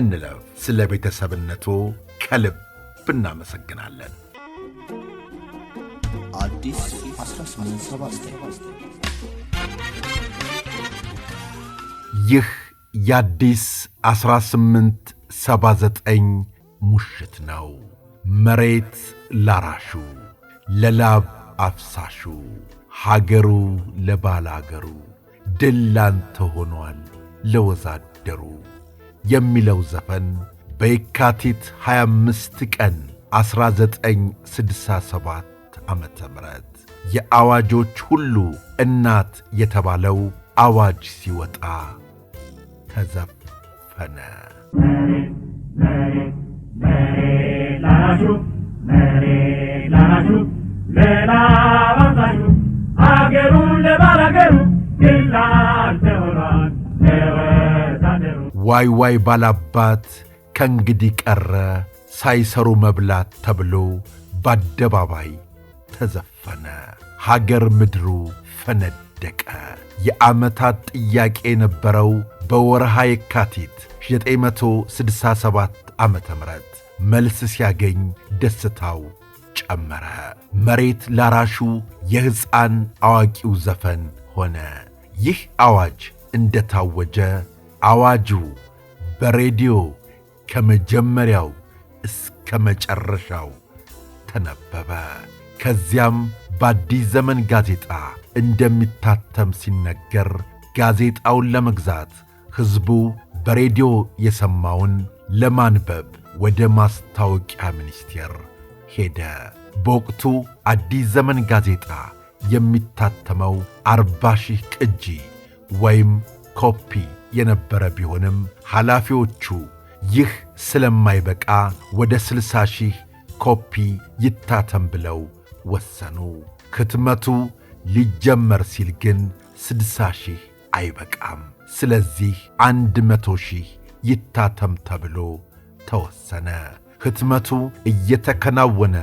እንለፍ። ስለ ቤተሰብነቱ ከልብ እናመሰግናለን። ይህ የአዲስ 1879 ሙሽት ነው። መሬት ላራሹ፣ ለላብ አፍሳሹ፣ ሀገሩ ለባላገሩ፣ ድል ላንተ ሆኗል ለወዛደሩ የሚለው ዘፈን በየካቲት 25 ቀን 1967 ዓ ም የአዋጆች ሁሉ እናት የተባለው አዋጅ ሲወጣ ተዘፈነ። መሬ ላሹ መሬ ላሹ ዋይ ዋይ ባላባት ከእንግዲህ ቀረ ሳይሰሩ መብላት ተብሎ በአደባባይ ተዘፈነ። ሀገር ምድሩ ፈነደቀ። የዓመታት ጥያቄ የነበረው በወርሃ የካቲት 967 ዓ ም መልስ ሲያገኝ ደስታው ጨመረ። መሬት ላራሹ የሕፃን አዋቂው ዘፈን ሆነ። ይህ አዋጅ እንደታወጀ አዋጁ በሬዲዮ ከመጀመሪያው እስከ መጨረሻው ተነበበ። ከዚያም በአዲስ ዘመን ጋዜጣ እንደሚታተም ሲነገር ጋዜጣውን ለመግዛት ሕዝቡ በሬዲዮ የሰማውን ለማንበብ ወደ ማስታወቂያ ሚኒስቴር ሄደ። በወቅቱ አዲስ ዘመን ጋዜጣ የሚታተመው አርባ ሺህ ቅጂ ወይም ኮፒ የነበረ ቢሆንም ኃላፊዎቹ ይህ ስለማይበቃ ወደ ስልሳ ሺህ ኮፒ ይታተም ብለው ወሰኑ። ክትመቱ ሊጀመር ሲል ግን ስድሳ ሺህ አይበቃም። ስለዚህ አንድ መቶ ሺህ ይታተም ተብሎ ተወሰነ። ህትመቱ እየተከናወነ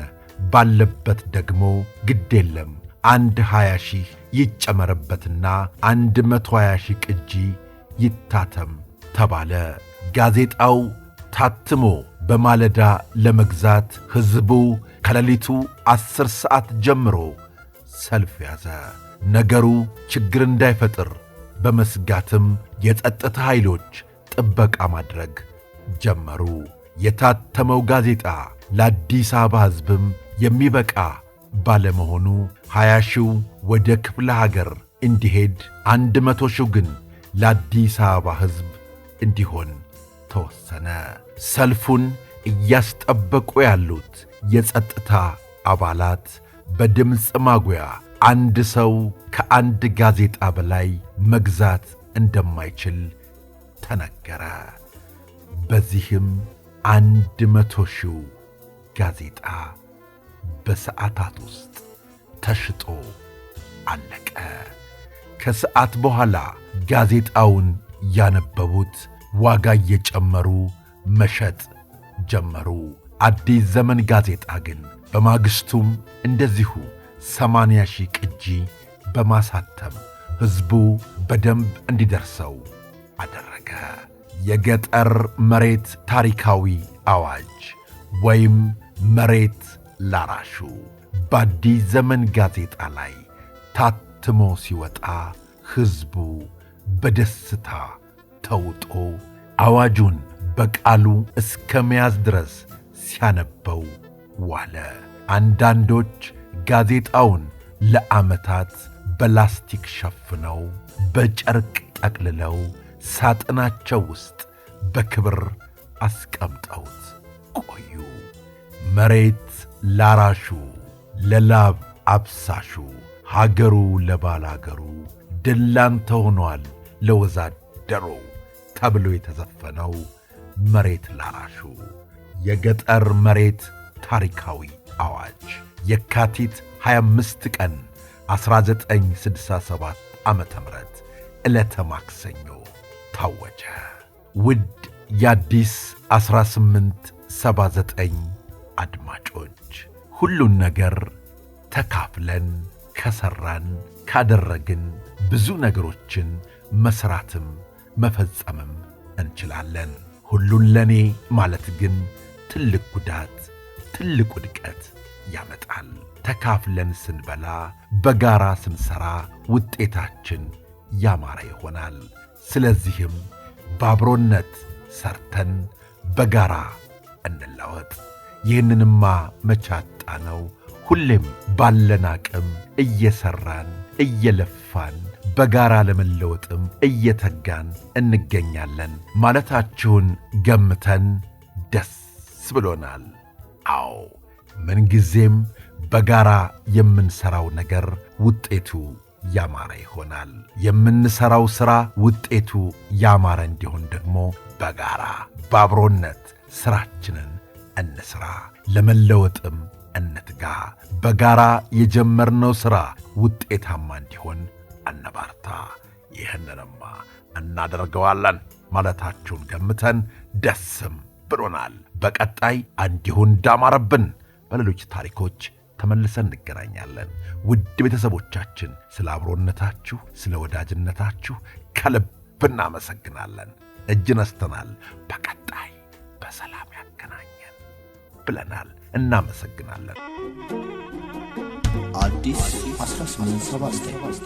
ባለበት ደግሞ ግድ የለም አንድ ሀያ ሺህ ይጨመርበትና 120 ሺህ ቅጂ ይታተም ተባለ። ጋዜጣው ታትሞ በማለዳ ለመግዛት ሕዝቡ ከሌሊቱ ዐሥር ሰዓት ጀምሮ ሰልፍ ያዘ። ነገሩ ችግር እንዳይፈጥር በመስጋትም የጸጥታ ኃይሎች ጥበቃ ማድረግ ጀመሩ። የታተመው ጋዜጣ ለአዲስ አበባ ሕዝብም የሚበቃ ባለመሆኑ ሀያ ሺው ወደ ክፍለ ሀገር እንዲሄድ አንድ መቶ ሺው ግን ለአዲስ አበባ ሕዝብ እንዲሆን ተወሰነ። ሰልፉን እያስጠበቁ ያሉት የጸጥታ አባላት በድምፅ ማጉያ አንድ ሰው ከአንድ ጋዜጣ በላይ መግዛት እንደማይችል ተነገረ። በዚህም አንድ መቶ ሺው ጋዜጣ በሰዓታት ውስጥ ተሽጦ አለቀ። ከሰዓት በኋላ ጋዜጣውን ያነበቡት ዋጋ እየጨመሩ መሸጥ ጀመሩ። አዲስ ዘመን ጋዜጣ ግን በማግስቱም እንደዚሁ ሰማንያ ሺህ ቅጂ በማሳተም ሕዝቡ በደንብ እንዲደርሰው አደረገ። የገጠር መሬት ታሪካዊ አዋጅ ወይም መሬት ላራሹ በአዲስ ዘመን ጋዜጣ ላይ ታትሞ ሲወጣ ሕዝቡ በደስታ ተውጦ አዋጁን በቃሉ እስከ መያዝ ድረስ ሲያነበው ዋለ። አንዳንዶች ጋዜጣውን ለዓመታት በላስቲክ ሸፍነው በጨርቅ ጠቅልለው ሳጥናቸው ውስጥ በክብር አስቀምጠውት ቆዩ። መሬት ላራሹ ለላብ አብሳሹ ሀገሩ ለባላገሩ ደላንተ ሆኗል ለወዛደሩ ተብሎ የተዘፈነው መሬት ላራሹ የገጠር መሬት ታሪካዊ አዋጅ የካቲት 25 ቀን 1967 ዓ ም ዕለተ ማክሰኞ ታወጀ። ውድ የአዲስ 1879 አድማጮች፣ ሁሉን ነገር ተካፍለን ከሰራን ካደረግን ብዙ ነገሮችን መስራትም መፈጸምም እንችላለን። ሁሉን ለእኔ ማለት ግን ትልቅ ጉዳት፣ ትልቅ ውድቀት ያመጣል። ተካፍለን ስንበላ፣ በጋራ ስንሠራ ውጤታችን ያማረ ይሆናል። ስለዚህም በአብሮነት ሰርተን በጋራ እንለወጥ። ይህንንማ መቻጣ ነው። ሁሌም ባለን አቅም እየሠራን እየለፋን በጋራ ለመለወጥም እየተጋን እንገኛለን ማለታችሁን ገምተን ደስ ብሎናል። አዎ ምንጊዜም በጋራ የምንሠራው ነገር ውጤቱ ያማረ ይሆናል። የምንሠራው ሥራ ውጤቱ ያማረ እንዲሆን ደግሞ በጋራ በአብሮነት ሥራችንን እንስራ፣ ለመለወጥም እንትጋ። በጋራ የጀመርነው ሥራ ውጤታማ እንዲሆን አነባርታ። ይህንንማ እናደርገዋለን ማለታችሁን ገምተን ደስም ብሎናል። በቀጣይ እንዲሁ እንዳማረብን በሌሎች ታሪኮች ተመልሰን እንገናኛለን። ውድ ቤተሰቦቻችን ስለ አብሮነታችሁ፣ ስለ ወዳጅነታችሁ ከልብ እናመሰግናለን። እጅ ነስተናል። በቀጣይ በሰላም ያገናኛል። ብለናል። እናመሰግናለን። አዲስ 1879